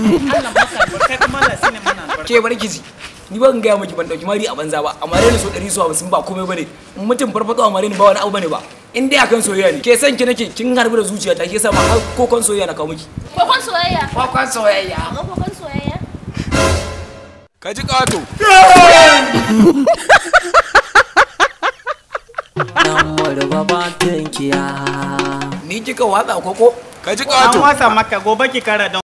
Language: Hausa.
Allah maka kai ni ba gaya miki ban dauki mari a banza ba amma rena so ɗari so hamsin ba komai bane mutum farfaɗo a marini ba wani abu bane ba in dai akan soyayya ne ke san ki nake kin harbi da zuciya ta ke sa ma har kokon soyayya na kawo miki kokon soyayya kokon soyayya kokon soyayya ka ji kato kaji ni kika watsa koko ka ji kato an watsa maka gobe ki kara